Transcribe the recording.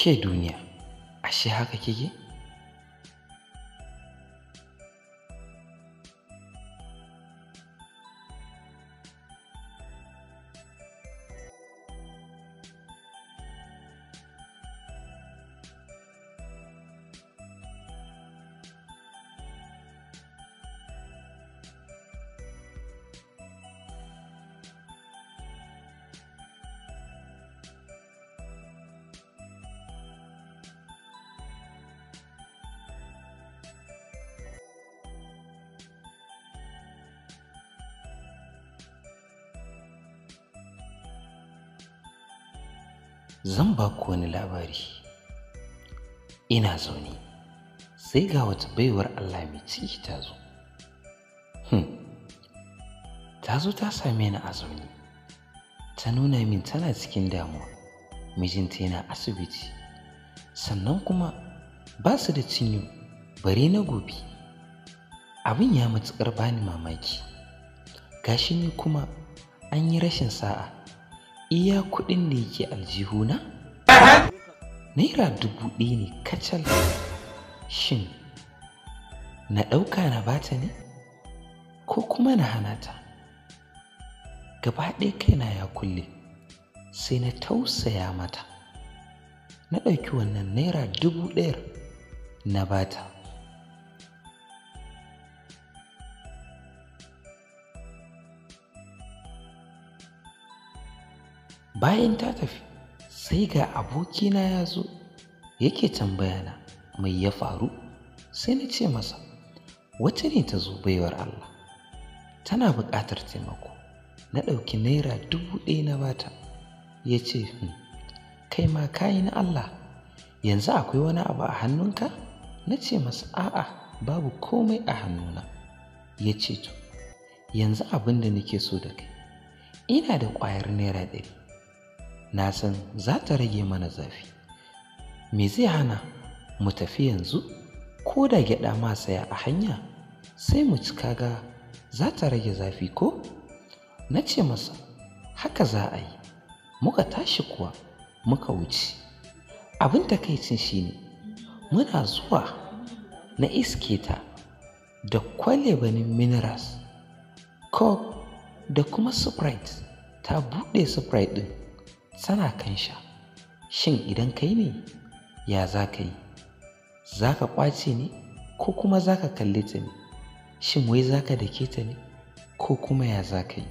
ke duniya ashe haka kike zan ba ku wani labari ina zaune sai ga wata baiwar Allah mai ciki ta zo hmm, ta zo ta same ni a zaune ta nuna min tana cikin damuwa mijinta yana asibiti sannan kuma ba su da cinyo bare na gobe abin ya matuƙar bani mamaki gashi ni kuma an yi rashin sa'a iya kuɗin da yake aljihuna naira dubu ɗaya ne kacal shin na ɗauka na bata ne ko kuma na hana ta gaba ɗaya kaina ya kulle sai na tausaya mata na ɗauki wannan naira dubu ɗaya na bata bayan ta tafi sai ga abokina ya zo yake tambayana mai ya faru sai na ce masa wata ne ta zo baiwar Allah tana buƙatar taimako na ɗauki naira dubu ɗaya na bata ya ce hmm, kai ma kayi na Allah yanzu akwai wani abu a hannunka na ce masa a'a babu komai a hannuna ya ce to yanzu abin da nake so da kai ina da ƙwayar naira ɗaya. na san za ta rage mana zafi me zai hana mu tafi yanzu ko da gyaɗa ma saya a hanya sai mu cika ga za ta rage zafi ko na ce masa haka za a yi muka tashi kuwa muka wuce abin takaicin shine muna zuwa na iske ta da kwalebanin minerals coke da kuma sprite ta buɗe sprite ɗin kan kansha shin idan kai ne ya za ka yi za ka ƙwace ne ko kuma za ka kalle ta ne shin wai za ka dake ta ne ko kuma ya za ka yi